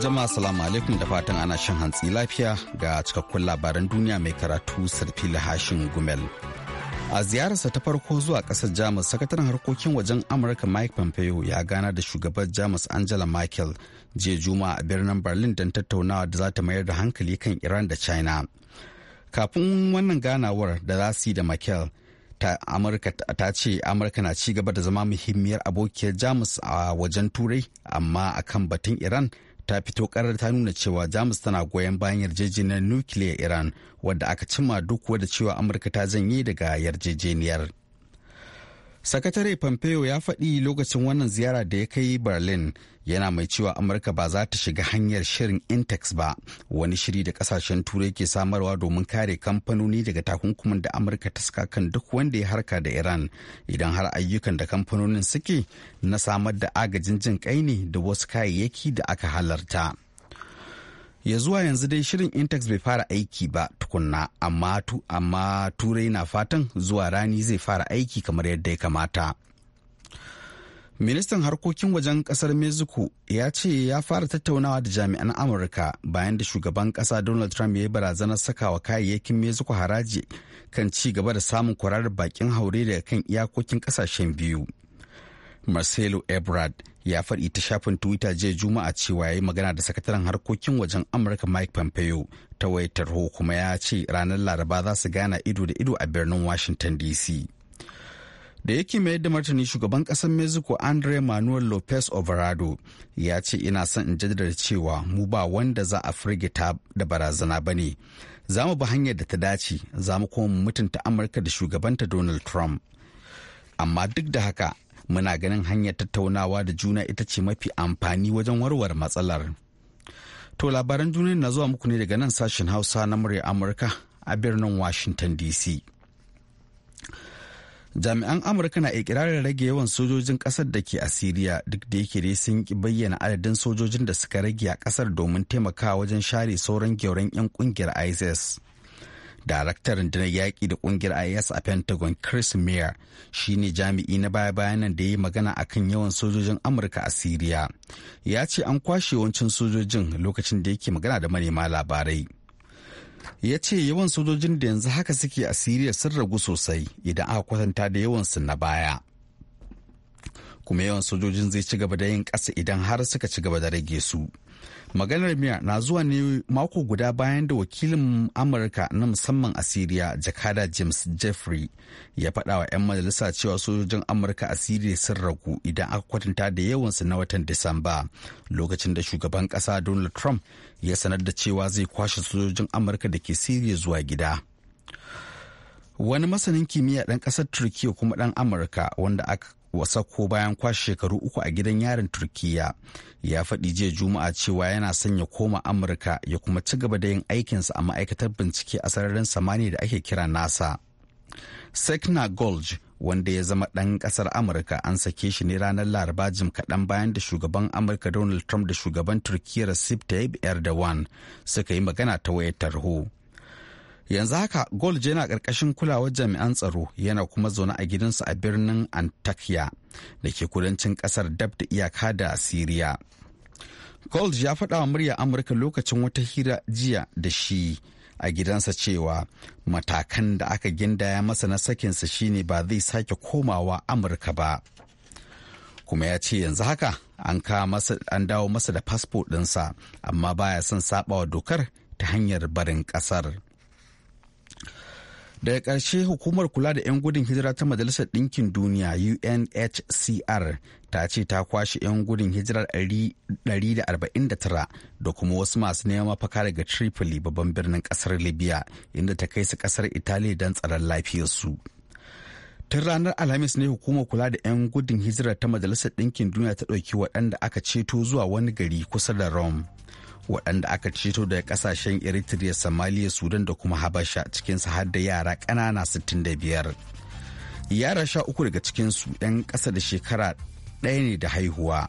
Jama'a salamu alaikum da fatan ana shan hantsi lafiya ga cikakkun labaran duniya mai karatu sarfili hashin gumel. A ziyararsa ta farko zuwa ƙasar Jamus, sakataren harkokin wajen Amurka Mike Pompeo ya gana da shugabar Jamus Angela Merkel jiya juma a birnin Berlin don tattaunawa da za ta mayar da hankali kan Iran da China. Kafin wannan ganawar da za su yi da Merkel, ta ce Amurka na ci gaba da zama muhimmiyar abokiyar Jamus a wajen Turai, amma akan batun Iran ta fito karar ta nuna cewa jamus tana goyon bayan yarjejeniyar nukiliyar iran wadda aka cimma duk wadda cewa amurka ta zan yi daga yarjejeniyar sakatare pompeo ya faɗi lokacin wannan ziyara da ya kai berlin yana mai cewa amurka ba za ta shiga hanyar shirin intex ba wani shiri da kasashen turai ke samarwa domin kare kamfanoni daga takunkumin da amurka ta saka kan duk wanda ya harka da iran idan har ayyukan da kamfanonin suke na samar da agajin jin kai ne da wasu kayayyaki da aka halarta ya zuwa yanzu dai shirin intex bai fara aiki ba tukunna amma turai na fatan zuwa rani zai fara aiki kamar yadda ya kamata ministan harkokin wajen kasar mexico ya ce ya fara tattaunawa da jami'an amurka bayan da shugaban kasa donald trump ya yi barazanar sakawa kayayyakin mexico haraji kan ci gaba da samun kwararar bakin haure daga kan iyakokin kasashen biyu marcelo ebrard ya faɗi ta shafin twitter jiya juma'a cewa ya yi magana da sakataren harkokin wajen amurka mike pompeo ta wayar tarho kuma ya ce ranar laraba za su gana ido da ido a birnin washington dc da yake mai da martani shugaban kasar mexico andre manuel lopez obrado ya ce ina son in jaddada cewa mu ba wanda za a firgita da barazana ba ne za mu bi hanyar da ta dace za mu kuma mutunta amurka da shugabanta donald trump amma duk da haka muna ganin hanyar tattaunawa da juna ita ce mafi amfani wajen warware matsalar to labaran juna na zuwa muku ne daga nan sashen hausa na murya amurka a birnin washington dc jami'an amurka na ikirarin rage yawan sojojin kasar da ke asiriya duk da yake dai sun ki bayyana adadin sojojin da suka rage a kasar domin taimakawa wajen share sauran gyauran 'yan kungiyar isis daraktar rundunar yaƙi da ƙungiyar is a pentagon chris mayer shine jami'i na baya bayanan da ya yi magana akan yawan sojojin amurka a siriya ya ce an kwashe yawancin sojojin lokacin da yake magana da manema labarai ya ce yawan sojojin da yanzu haka suke a siriya sun ragu sosai idan aka kwatanta da yawan su na baya kuma yawan sojojin zai ci gaba da yin ƙasa idan har suka ci gaba da rage su maganar miya na zuwa ne mako guda bayan da wakilin amurka na musamman a siriya jakada james jeffrey ya faɗa wa 'yan majalisa cewa sojojin amurka a siriya sun ragu idan aka kwatanta da yawansu na watan disamba lokacin da shugaban ƙasa donald trump ya sanar da cewa zai kwashe sojojin amurka da ke siriya zuwa gida wani masanin kimiyya ɗan ƙasar Turkiyya kuma ɗan amurka wanda aka wasakko bayan kwashe shekaru uku a gidan yarin turkiya ya faɗi jiya juma'a cewa yana son ya koma amurka ya kuma ci gaba da yin aikinsa a ma'aikatar bincike a sararin samani da ake kira nasa sekna gold wanda ya zama ɗan ƙasar amurka an sake shi ne ranar laraba jim kaɗan bayan da shugaban amurka donald trump da shugaban turkiyya recep tayyip erdogan suka yi magana ta wayar tarho yanzu haka golj yana ƙarƙashin kulawar jami'an tsaro yana kuma zaune a gidansa a birnin antakya da ke kudancin ƙasar dab da iyaka da siriya gold ya faɗa wa murya amurka lokacin wata hira jiya da shi a gidansa cewa matakan da aka gindaya masa na sakinsa shine ba zai sake komawa amurka ba kuma ya ce yanzu haka an dawo masa da fasfo ɗinsa amma baya son saɓawa dokar ta hanyar barin ƙasar. daga ƙarshe hukumar kula da 'yan gudun hijira ta majalisar ɗinkin duniya unhcr ta ce ta kwashe 'yan gudun hijirar 149 da kuma wasu masu neman mafaka daga tripoli babban birnin ƙasar libya inda ta kai su ƙasar italiya don tsaron lafiyarsu tun ranar alhamis ne hukumar kula da 'yan gudun hijira ta majalisar ɗinkin duniya ta ɗauki waɗanda aka ceto zuwa wani gari kusa da rome waɗanda aka ceto daga ƙasashen eritrea somalia sudan da kuma habasha cikinsu har da yara ƙanana 65 yara sha uku daga cikinsu 'yan ƙasa da shekara ɗaya ne da haihuwa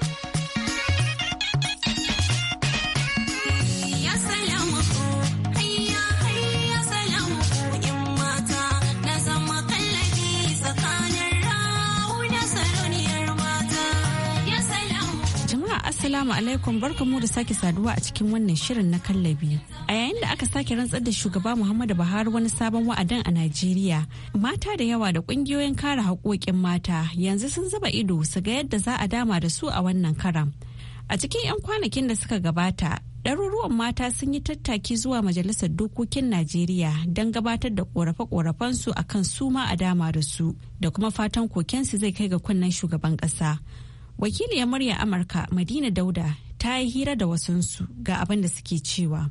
Assalamu alaikum barkamu da sake saduwa a cikin wannan shirin na kallabi. A yayin da aka sake rantsar da shugaba Muhammadu Buhari wani sabon wa'adin a Najeriya, mata da yawa da kungiyoyin kare haƙoƙin mata yanzu sun zuba ido su ga yadda za a dama da su a wannan karam. A cikin 'yan kwanakin da suka gabata, ɗaruruwan mata sun yi tattaki zuwa Majalisar Dokokin Najeriya don gabatar da ƙorafe-ƙorafensu a kan su ma a dama da su, da kuma fatan kokensu zai kai ga kunnen shugaban ƙasa. wakiliyar murya amurka madina dauda ta yi hira da wasansu ga abin da suke cewa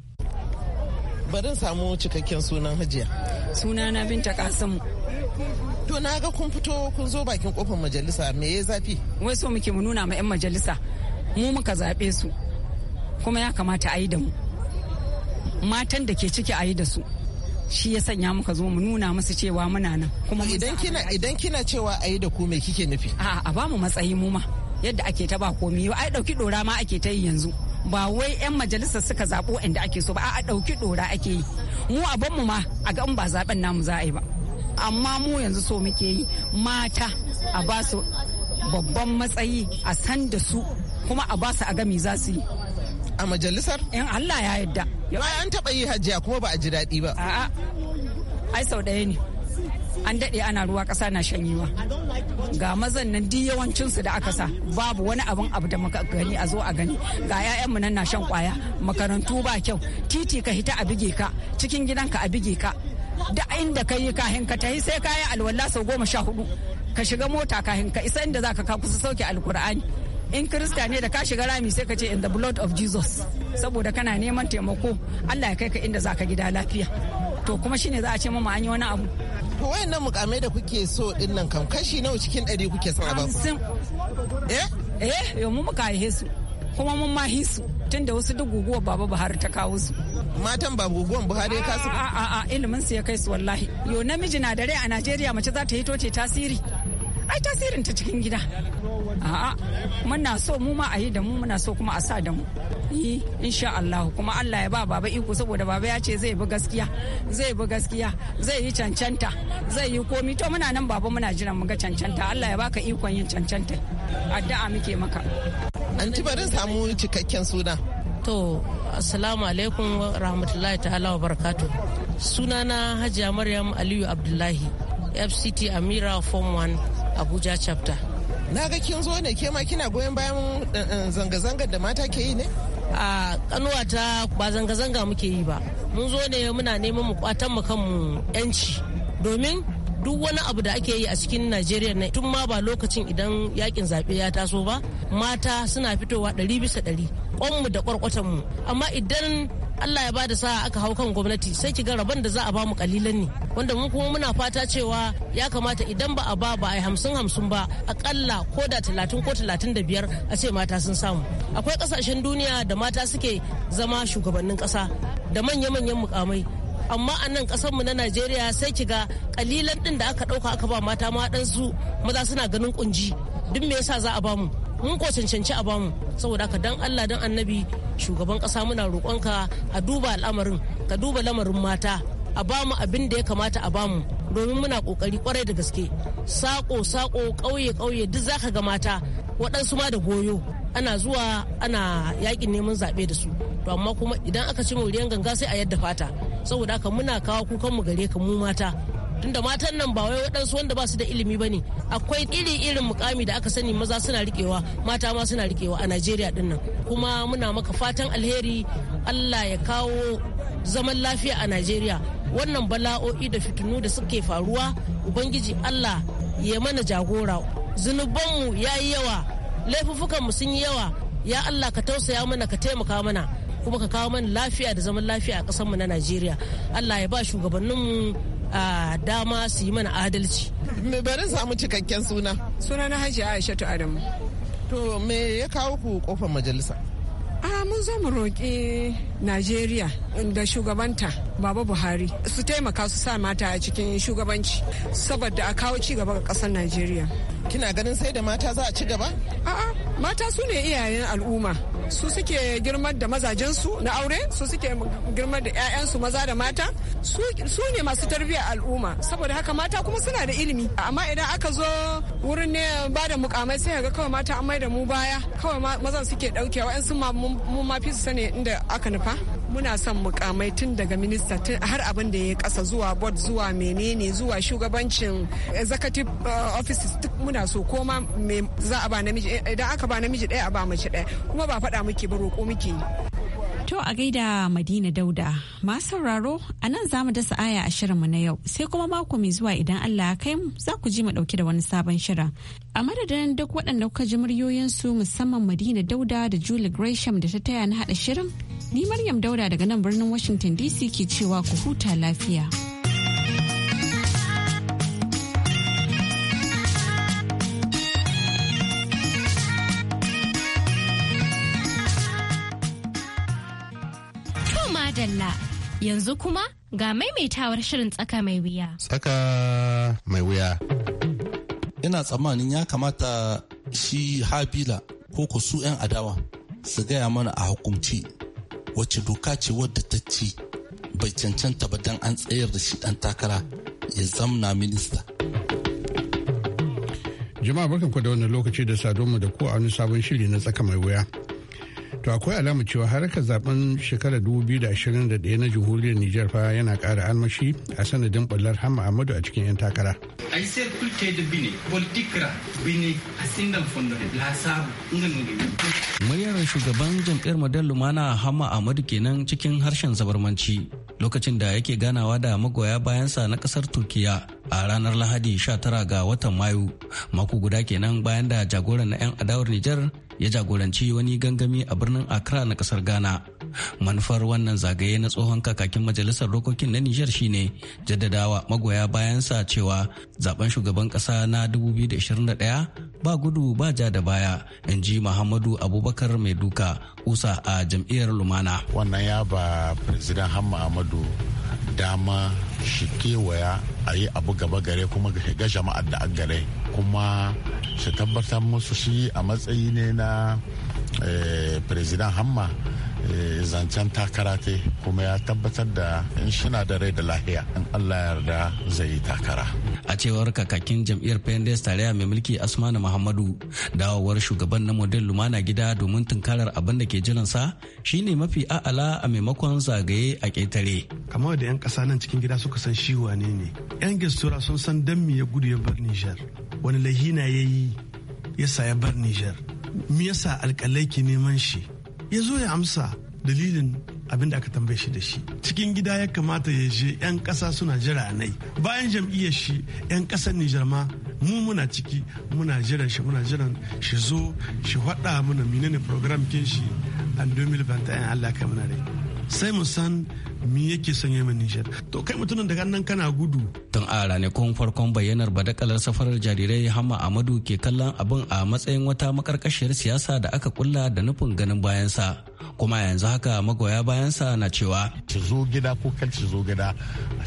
barin samu cikakken sunan hajiya suna na binta kasamu to na ga kun fito kun zo bakin kofar majalisa me ya zafi wai so muke mu nuna ma 'yan majalisa mu muka zaɓe su kuma ya kamata a yi da mu matan da ke ciki a yi da su shi ya sanya muka zo mu nuna musu cewa muna nan kuma idan kina idan kina cewa ayi da ku me kike nufi a a ba mu matsayi mu ma yadda ake ta ba komi ba ai dauki dora ma ake ta yi yanzu ba wai 'yan majalisa suka zaɓo inda ake so ba a dauki dora ake yi mu a banmu ma a ga in ba zaben namu za a yi ba amma mu yanzu so muke yi mata a ba su babban matsayi a san da su kuma a ba su a gami za su yi a majalisar in Allah ya yadda an taba yi hajiya kuma ba a ji daɗi ba a'a ai sau ɗaya ne an daɗe ana ruwa ƙasa na shanyewa ga mazan nan duk yawancinsu da aka sa babu wani abin abu da muka gani a zo a gani ga 'ya'yanmu nan na shan kwaya makarantu ba kyau titi ka hita a bige ka cikin gidanka a bige ka da inda ka yi kahin ka tahi sai ka yi alwala sau goma sha hudu ka shiga mota kahin ka isa inda za ka kusa sauke alkur'ani in kirista ne da ka shiga rami sai ka ce in the blood of jesus saboda kana neman taimako allah ya kai ka inda za ka gida lafiya to kuma shine za a ce mama an yi wani abu to wayannan mukamai da kuke so din nan kam kashi nawa cikin ɗari kuke son a ba eh eh mu muka yi su kuma mun ma hisu tun da wasu duk guguwar baba buhari ta kawo su matan ba guguwar buhari ya kasu a a ilimin su ya kai su wallahi yo namiji na dare a najeriya mace za ta yi toce tasiri ai tasirin ta cikin gida a'a muna so mu ma a yi da mu muna so kuma a sa da mu yi insha Allah kuma Allah ya ba baba iko saboda baba ya ce zai bi gaskiya zai bi gaskiya zai yi cancanta zai yi komi to muna nan baba muna jiran mu ga cancanta Allah ya baka ikon yin cancanta addu'a muke maka An ci bari samu cikakken suna to assalamu alaikum wa rahmatullahi ta'ala wa barakatu sunana hajiya maryam aliyu abdullahi fct amira form 1 abuja chapter na ga kin zo ne ke ma kina goyon bayan eh, eh, zanga-zangar da mata ke yi ne a kanuwa ta ba zanga-zanga muke yi ba mun zo ne muna neman mu kwatan mu kanmu yanci domin duk wani abu da ake yi a cikin najeriya ne tun ma ba lokacin idan yakin zaɓe ya taso ba mata suna fitowa ɗari bisa ɗari kwanmu da kwarkwatanmu amma idan Allah ya bada sa'a aka hau kan gwamnati sai ki ga rabon da za a bamu kalilan ne wanda mu kuma muna fata cewa ya kamata idan ba a ba ba a yi hamsin hamsin ba akalla ko da talatin ko talatin da biyar a ce mata sun samu akwai kasashen duniya da mata suke zama shugabannin kasa da manya-manyan mukamai amma a nan mu na najeriya sai ki ga kalilan din da aka ɗauka aka ba mata ma ɗansu maza suna ganin kunji duk me yasa za a bamu mun ko cancanci a bamu saboda ka dan Allah dan annabi shugaban kasa muna ka a duba al'amarin ka duba lamarin mata a bamu abin da ya kamata a bamu domin muna kokari kwarai da gaske sako sako ƙauye kauye duk zaka ga mata waɗansu ma da goyo ana zuwa ana yakin neman zaɓe da su to amma kuma idan aka ci muriyan ganga sai a yadda fata saboda haka muna kawo kukan mu gare ka mu mata tunda matan nan ba wai waɗansu wanda ba su da ilimi ba ne akwai iri irin mukami da aka sani maza suna rikewa mata ma suna rikewa a najeriya din kuma muna maka fatan alheri allah ya kawo zaman lafiya a najeriya wannan bala'o'i da fitinu da suke faruwa ubangiji allah ya mana jagora zunubanmu ya yi yawa laifuffukanmu sun yi yawa ya allah ka tausaya mana ka taimaka mana kuma ka kawo mana lafiya da zaman lafiya a ƙasarmu na najeriya allah ya ba shugabanninmu a dama su yi mana adalci. Me bari samu cikakken suna? Suna na Hajji Aishatu Adamu. To me ya kawo ku kofar majalisa? A mun zo mu roƙi Najeriya da shugabanta Baba Buhari su taimaka su sa mata a cikin shugabanci saboda a kawo ci gaba ga ƙasar Najeriya. Kina ganin sai da mata za a ci gaba? A'a, mata su ne iyayen al'umma. su suke girmar da mazajensu na aure su suke girmar da 'ya'yansu maza da mata su ne masu tarbiyyar al'umma saboda haka mata kuma suna da ilimi amma idan aka zo wurin ne ba da mukamai sai ga kawai mata an mai da mu baya kawai mazan suke dauke wa'yansu mun mafi su sani inda aka nufa muna son mukamai tun daga minista har abin da ya kasa zuwa board zuwa menene zuwa shugabancin executive uh, offices muna so koma me za a ba namiji eh, idan aka ba namiji daya a ba mace ɗaya kuma ba faɗa muke ba roko muke To a gaida Madina Dauda, masu sauraro a nan za mu dasa aya a shirinmu na yau sai kuma mako mai zuwa idan Allah ya kai za ku ji mu ɗauki da wani sabon shirin. A madadin duk waɗanda kuka ji muryoyinsu musamman Madina Dauda da Julie Gresham da ta taya na haɗa shirin Ni Maryam Dauda daga nan birnin Washington DC ke cewa ku huta lafiya. Madalla yanzu kuma ga maimaitawar shirin tsaka mai wuya. Tsaka mai wuya. Ina tsammanin ya kamata shi habila ko ku su 'yan adawa su gaya mana a hukumci wacce doka ce wadda ta ce bai cancanta ba don an tsayar da shi dan takara ya zamna minista. Jama'a barkan ku da wannan lokaci da sadonmu da ku a wani sabon shiri na tsaka mai wuya. to akwai alamu cewa harkar zaben shekarar 2021 na jamhuriyar Nijar fa yana ƙara almashi a sanadin ɓullar Hamma Ahmadu a cikin 'yan takara. Ai sai kulte da bine, politikra bine a sindan fondore lasa Muryar shugaban jam'iyyar Madallu Lumana Hamma Ahmadu kenan cikin harshen zabarmanci lokacin da yake ganawa da magoya bayansa na kasar Turkiya a ranar Lahadi 19 ga watan Mayu mako guda kenan bayan da jagoran na 'yan adawar Nijar ya jagoranci wani gangami a birnin Accra na kasar Ghana. Manufar wannan zagaye na tsohon kakakin majalisar dokokin na Nijar shine jaddadawa magoya bayan sa cewa zaben shugaban kasa na 2021 ba gudu ba ja da baya in ji Muhammadu Abubakar Mai Duka kusa a jam'iyyar lumana wannan ya ba firzidan hamma amadu dama shi kewaya a yi abu gaba gare kuma ga jama'ar da gare kuma shi tabbatar musu shi a matsayi ne na Eh, president hamma eh, zancen takara ta kuma ya tabbatar da in shina da rai da lahiya in allah ya yarda zai yi takara a cewar kakakin jam'iyyar pendes tarayya mai mulki asmanu muhammadu dawowar shugaban na model lumana gida domin tunkarar abin da ke jiransa shine mafi a'ala a maimakon zagaye a ƙetare kamar da 'yan ƙasa nan cikin gida suka san shi wane ne 'yan gestura sun san dan ya gudu ya bar nijar wani lahina ya yi ya saya bar nijar me yasa alƙalai ke neman shi ya zo ya amsa dalilin abin da aka tambaye shi da shi cikin gida ya kamata ya je 'yan kasa suna jira nai bayan jam'iyyar shi 'yan ƙasar nijar ma mu muna ciki muna jiran shi muna jiran shi zo shi faɗa mana menene program kin shi an 2020 Allah ka muna rai sai mu san mi yake sanya mai Nijar. To kai mutumin daga nan kana gudu. Tun a ranakun farkon bayyanar badakalar safarar jarirai Hama Amadu ke kallon abin a matsayin wata makarkashiyar siyasa da aka kulla da nufin ganin bayansa. Kuma yanzu haka magoya bayansa na cewa. Ki zo gida ko kan ki zo gida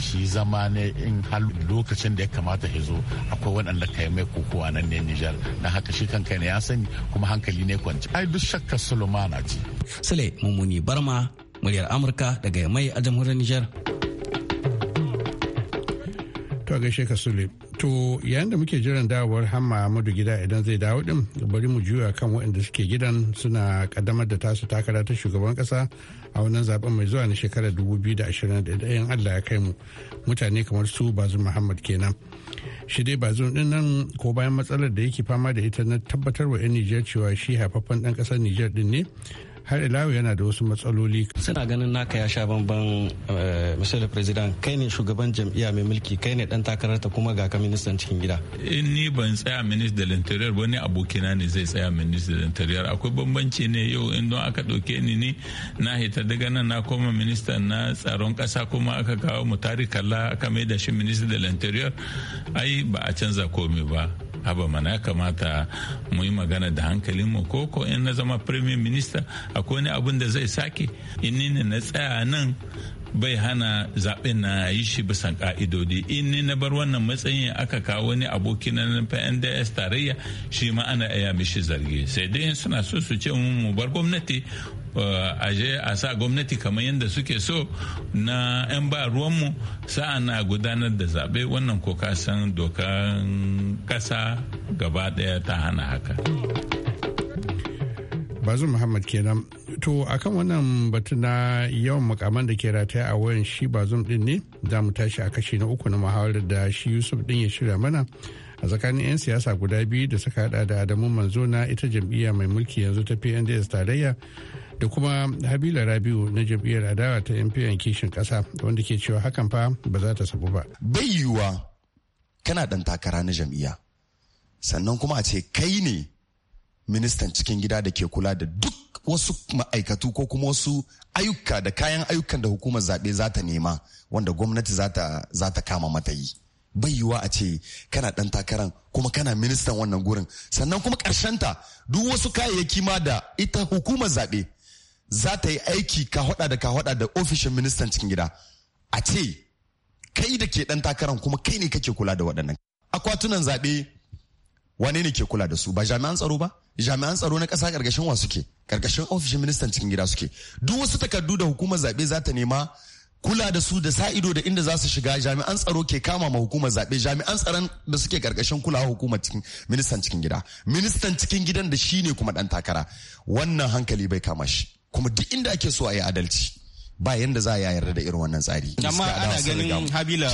shi zama ne in hal lokacin da ya kamata ya zo akwai waɗanda kai mai kokowa nan ne Nijar. Na haka shi kanka ne ya sani kuma hankali ne kwanci. Ai duk shakka Sulemana ce. Sule Mumuni Barma muryar amurka daga mai a jamhuriyar nijar to gaishe ka sule to yayin da muke jiran dawowar hamma madu gida idan zai dawo din bari mu juya kan waɗanda suke gidan suna kaddamar da tasu takara ta shugaban kasa a wannan zaben mai zuwa na shekarar 2021 allah ya kai mu mutane kamar su bazu muhammad kenan shi dai bazum din nan ko bayan matsalar da yake fama da ita na tabbatar wa 'yan nijar cewa shi haifaffan ɗan kasar nijar din ne har ila yana da wasu matsaloli suna ganin naka ya sha bamban eh, mr president kai ne shugaban jam'iyya mai mulki kai ne dan takarar ta kuma ga ka ministan cikin gida in eh, ni ban tsaya minister da interior wani abokina ne zai tsaya minister da interior akwai bambanci ne yau in don aka dauke ni ni na hita daga nan na koma ministan na tsaron kasa kuma aka kawo mu tarikalla aka mai da shi minister da interior ai ba a canza komai ba haba mana ya kamata mu yi magana da hankalin mu ko ko in na zama premier minister akwai wani abun da zai sake in ni na tsaya nan bai hana zaɓen na yi shi bisan ka'idodi in ni na bar wannan matsayin aka kawo wani aboki na nds tarayya shi ma ana iya mishi zargi sai dai suna so su ce mu bar gwamnati Eh, a je a sa gwamnati kamar yadda suke so na 'yan ba ruwanmu sa'an a gudanar da zaɓe wannan ko ka san dokan ƙasa gaba ɗaya ta hana haka. bazu muhammad kenan to akan wannan batu na yawan makaman da ke rataya a wayan shi bazum din ne za mu tashi a kashi na uku na muhawarar da shi yusuf din ya shirya mana a tsakanin 'yan siyasa guda biyu da suka hada da adamu manzo na ita jam'iyya mai mulki yanzu ta pnds tarayya da kuma habila rabiu na jam'iyyar adawa ta yan kishin kasa wanda ke cewa hakan fa ba za ta sabu ba bai yiwuwa kana dan takara na jam'iyya sannan kuma a ce kai ne ministan cikin gida da ke kula da duk wasu ma'aikatu ko kuma wasu ayyuka da kayan ayyukan da hukumar zaɓe za ta nema wanda gwamnati za ta kama mata yi bai yiwuwa a ce kana ɗan takaran kuma kana ministan wannan gurin sannan kuma ta duk wasu kayayyaki ma da ita hukumar zaɓe za ta yi aiki ka hada da ka hada da ofishin ministan cikin gida a ce kai da ke dan takaran kuma kai ne kake kula da waɗannan akwatunan zaɓe wane ne ke kula da su ba jami'an tsaro ba jami'an tsaro na ƙasa ƙarƙashin wa suke ƙarƙashin ofishin ministan cikin gida suke duk wasu takardu da hukumar zaɓe za ta nema kula da su da sa ido da inda za su shiga jami'an tsaro ke kama ma hukumar zaɓe jami'an tsaron da suke ƙarƙashin kulawa hukumar cikin ministan cikin gida ministan cikin gidan da shi ne kuma ɗan takara wannan hankali bai kama shi kuma duk inda ake so a yi adalci ba yanda za a yi yarda da irin wannan tsari. Amma ana ganin Habila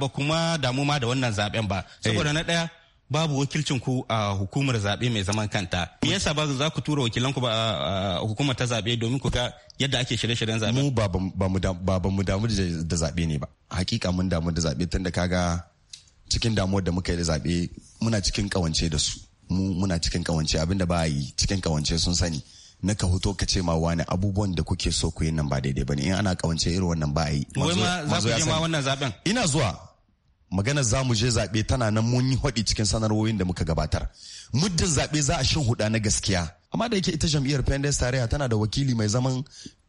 ba kuma damu ma da wannan zaben ba. Eh. Saboda na ɗaya babu wakilcin ku a hukumar zaɓe mai zaman kanta. Me yasa ba za ku tura wakilan ku ba a hukumar ta zaɓe domin ku ga yadda ake shirye-shiryen zaɓe? Mu ba ba mu damu da zaɓe ne ba. Hakika mun damu da zaɓe tunda kaga cikin damuwar da muka yi da zaɓe muna cikin kawance da su. Mu muna cikin kawance abinda ba yi cikin kawance sun sani. na ka hoto ka ce ma wani abubuwan da kuke so ku yi nan ba daidai bane in ana kawance irin wannan ba a yi wannan zaben ina zuwa magana za mu je zaɓe tana nan mun yi haɗi cikin sanarwoyin da muka gabatar muddin zaɓe za a shin huda na gaskiya amma da yake ita jam'iyyar pendes tarayya tana da wakili mai zaman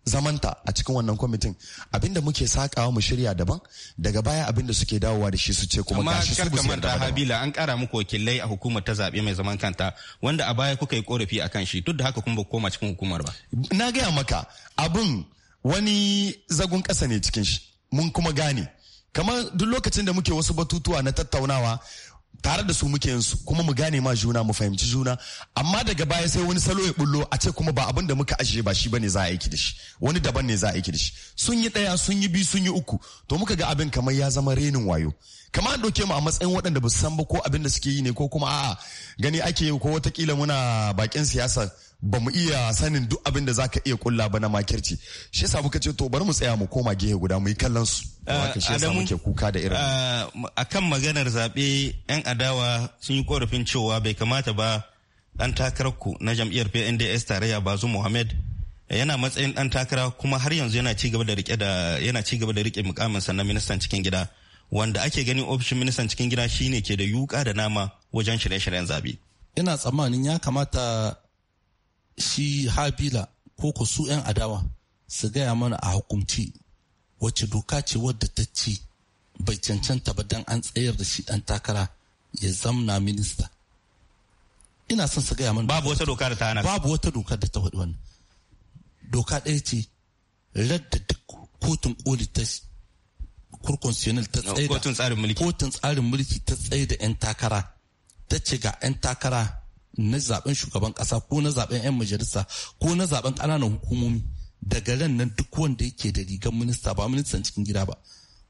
zamanta a cikin wannan kwamitin abinda muke sakawa mu shirya daban daga baya abinda suke dawowa da shi su ce kuma gashi su kusa da habila an kara muku wakilai a hukumar ta zabe mai zaman kanta wanda a baya kuka yi korafi akan shi duk da haka kun ba koma cikin hukumar ba na gaya maka abun wani zagon kasa ne cikin shi mun kuma gane kamar duk lokacin da muke wasu batutuwa na tattaunawa tare da su muke su kuma mu gane ma juna mu fahimci juna amma daga baya sai wani salo ya bullo a ce kuma ba abin da muka ajiye ba shi bane za a aiki da shi wani daban ne za a aiki da shi sun yi daya sun yi biyu sun yi uku to muka ga abin kamar ya zama renin wayo kamar an doke mu a matsayin waɗanda ba su san ba ko abin da suke yi ne ko kuma a'a gani ake ko watakila muna bakin siyasa ba mu iya sanin duk abin da zaka iya kulla ba na makirci shi yasa muka ce to bari mu tsaya mu koma gehe guda mu yi kallon su eh, shi yasa muke kuka da irin eh, kan maganar zabe yan adawa sun yi korafin cewa bai kamata ba dan takararku na jam'iyyar PNDS tarayya Bazu Muhammad yana matsayin dan takara kuma har yanzu yana ci gaba da rike da yana ci gaba da rike mukamin sa na ministan cikin gida wanda ake gani ofishin ministan cikin gida shine ke da yuka da nama wajen shirye-shiryen zabe. Ina tsammanin ya kamata shi habila ko ku su 'yan adawa su gaya mana a hukumci wacce doka ce wadda ta ce bai cancanta ba don an tsayar da shi dan takara ya zamna minista ina son su gaya mana babu wata doka da ta hana babu wata doka da ta faɗi wannan doka ɗaya ce radda duk kotun koli ta kurkonsional ta tsaye da kotun tsarin mulki ta tsaye da 'yan takara ta ce ga 'yan takara na zaben shugaban kasa ko na zaben 'yan majalisa ko na zaben ƙananan hukumomi daga ran nan duk wanda yake da rigar minista ba ministan cikin gida ba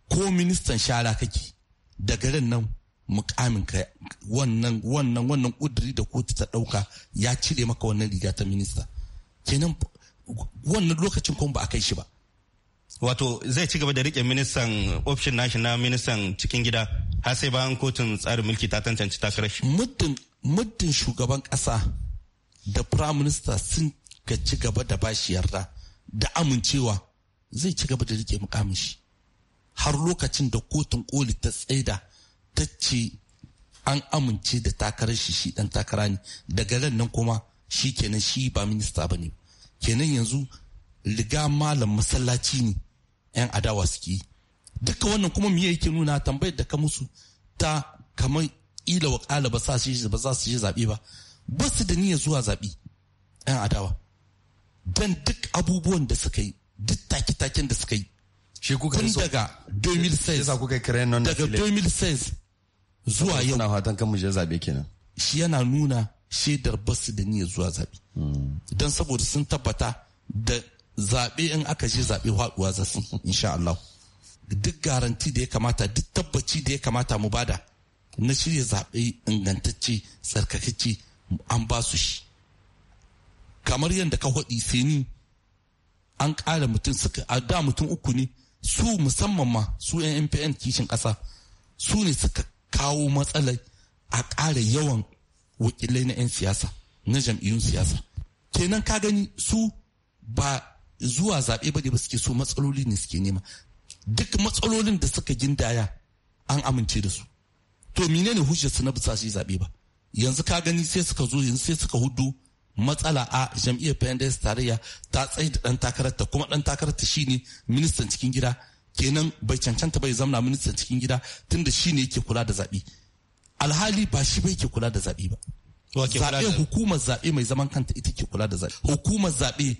ko ministan shara kake daga ran nan mukamin ka wannan wannan wannan kudiri da kotu ta dauka ya cire maka wannan riga ta minista kenan wannan lokacin kuma ba a kai shi ba wato zai ci gaba da rike ministan option nashi na ministan cikin gida har sai bayan kotun tsarin mulki ta tantance takarar shi muddin muddin shugaban ƙasa da prime minister sun ka ci gaba da bashi yarda da amincewa zai ci gaba da rike mukamin shi har lokacin da kotun koli ta tsaida ta ce an amince da takarar shi shi dan takara ne daga nan kuma shi kenan shi ba minista ba ne kenan yanzu riga malam masallaci ne yan adawa suke duka wannan kuma miye yake nuna tambayar da ka musu ta kamar kila wa kala ba za su yi zaɓe ba ba su da niyyar zuwa zaɓe yan adawa don duk abubuwan da suka yi duk taki taken da suka yi tun daga 2006 daga 2006 zuwa yau na hatan kan muje zaɓe kenan shi yana nuna shaidar ba su da niyyar zuwa zaɓe don saboda sun tabbata da zaɓe in aka je zaɓe haɗuwa za su insha Allah duk garanti da ya kamata duk tabbaci da ya kamata mu bada na shirya zaɓe ingantacce tsarkakacce an ba su shi kamar yadda ka haɗi sai ni an ƙara mutum suka a da mutum uku ne su musamman ma su yan mpn kishin ƙasa su ne suka kawo matsalar a ƙara yawan wakilai na 'yan siyasa na jam'iyyun siyasa kenan ka gani su ba zuwa zaɓe ba ne ba suke so matsaloli ne suke nema duk matsalolin da suka gindaya an amince da su to menene hujjar su na bisa shi zaɓe ba yanzu ka gani sai suka zo yanzu sai suka hudu matsala a jam'iyyar pendes tarayya ta tsaye da ɗan takararta kuma ɗan takararta shine ministan cikin gida kenan bai cancanta bai zamna ministan cikin gida tunda shine yake kula da zaɓe alhali ba shi bai ke kula da zaɓe ba zaɓe hukumar zaɓe mai zaman kanta ita ke kula da zaɓe hukumar zaɓe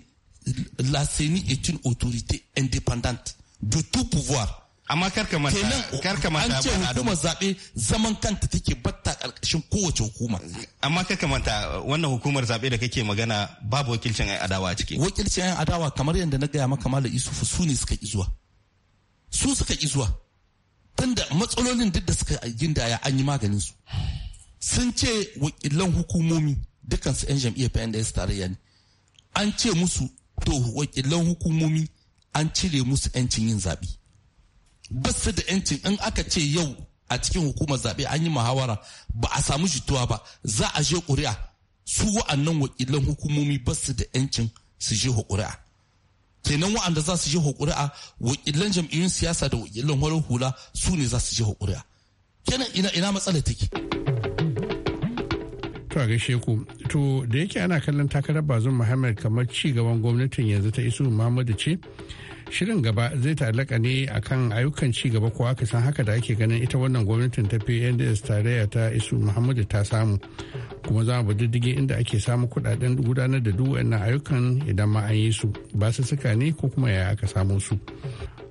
la seni est une autorité indépendante de tout pouvoir amma karka manta karka manta an ce hukumar zaɓe zaman kanta take batta ƙarƙashin kowace hukuma amma karka manta wannan hukumar zaɓe da kake magana babu wakilcin yan adawa a ciki wakilcin yan adawa kamar yadda na gaya maka malam isufu su ne suka ki zuwa su suka ki zuwa tunda matsalolin duk da suka gindaya an yi maganin su sun ce wakilan hukumomi su yan jam'iyyar PNDS tarayya ne an ce musu to wakilan hukumomi an cire musu 'yancin yin zaɓe ba su da yancin in aka ce yau a cikin hukumar zaɓe an yi muhawara ba a samu jituwa ba za a je ƙuri'a su wa'annan wakilan hukumomi ba su da yancin su je ƙuri'a kenan wa'anda za su je ƙuri'a wakilan jam'iyyun siyasa da wakilan wani hula su ne za su je ƙuri'a kenan ina ina matsala take to a sheku to da yake ana kallon takarar bazum muhammad kamar ci gaban gwamnatin yanzu ta isu muhammadu ce shirin gaba zai ta'allaka ne akan ayyukan ci gaba ko aka san haka da ake ganin ita wannan gwamnatin ta pnds tarayya ta isu muhammadu ta samu kuma za mu diddigin inda ake samu kudaden gudanar da duk wannan ayyukan idan ma an yi su ba su suka ne ko kuma yaya aka samu su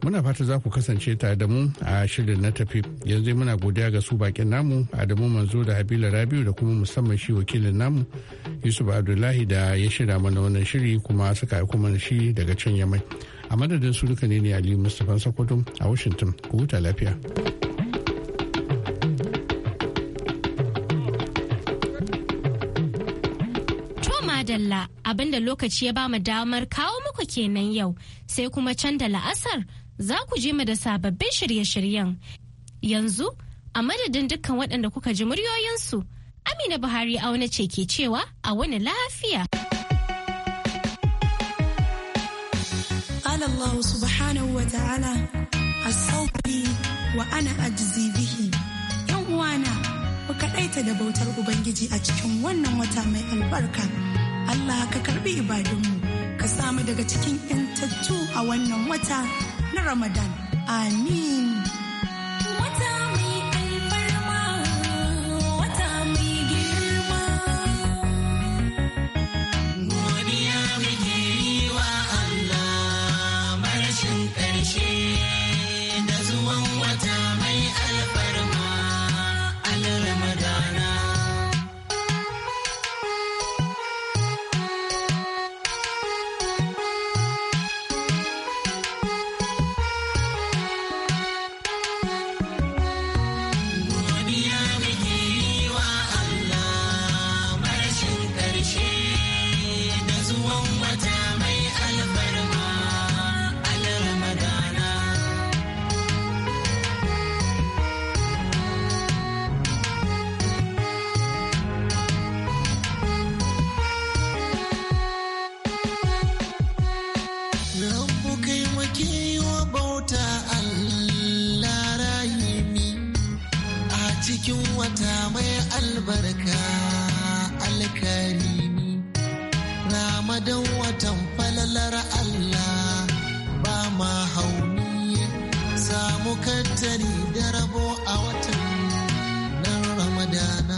muna fata za ku kasance tare da mu a shirin na tafi yanzu muna godiya ga su bakin namu adamu manzo da habila rabiu da kuma musamman shi wakilin namu yusuf abdullahi da ya shirya mana wannan shiri kuma suka yi mana shi daga can yamai a madadin su duka ne ne aliyu mustapha sokoto a washington ku huta lafiya madalla abinda lokaci ya bamu damar kawo muku kenan yau sai kuma can da la'asar za ku je mu da sababbin shirye-shiryen yanzu a madadin dukkan waɗanda kuka ji muryoyinsu amina buhari auna ce ke cewa a wani lafiya Allah subhanahu wa ta'ala as wa ana ajzi yan uwana ku da bautar ubangiji a cikin wannan wata mai albarka Allah ka karbi ibadunmu ka samu daga cikin intattu a wannan wata na Ramadan amin mai albarka alkarimi ramadan watan falalar Allah ba ma hauni samu kattari da rabo a watan nan ramadana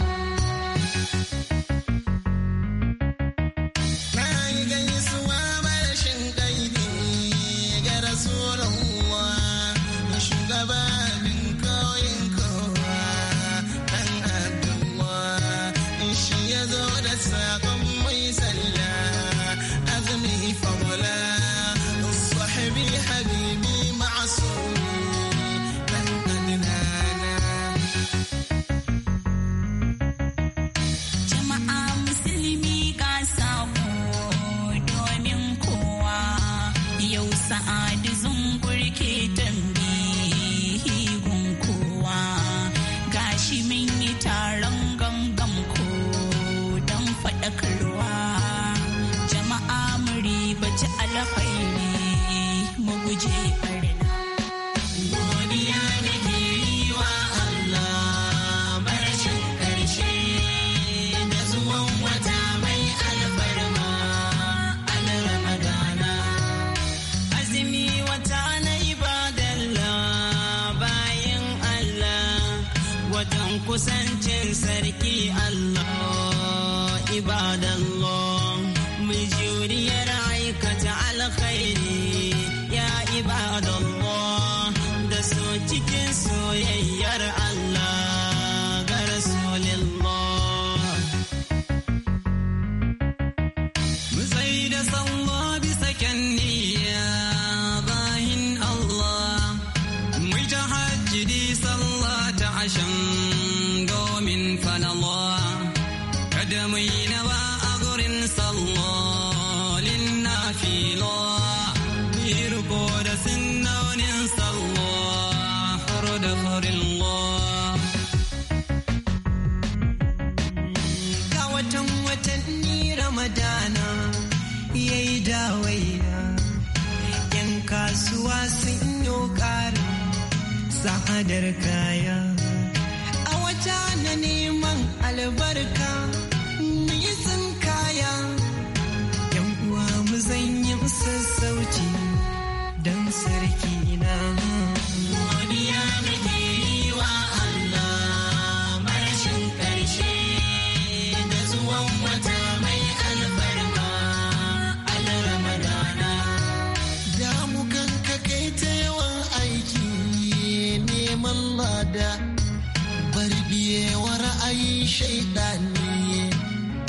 shaidani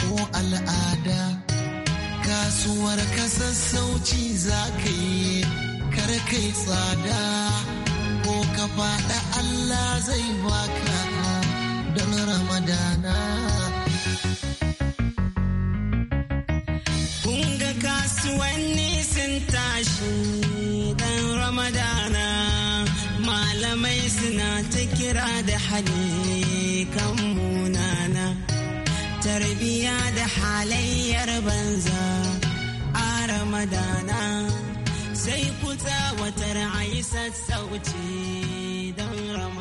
ko al'ada kasuwar ka sassauci za ka yi kar tsada ko ka faɗa Allah zai baka don ramadana Kunga kasuwanni sun tashi dan ramadana malamai suna ta kira da hali kan mu tarbiya da halayyar banza a ramadana sai kuta watar a sassauci don ramadana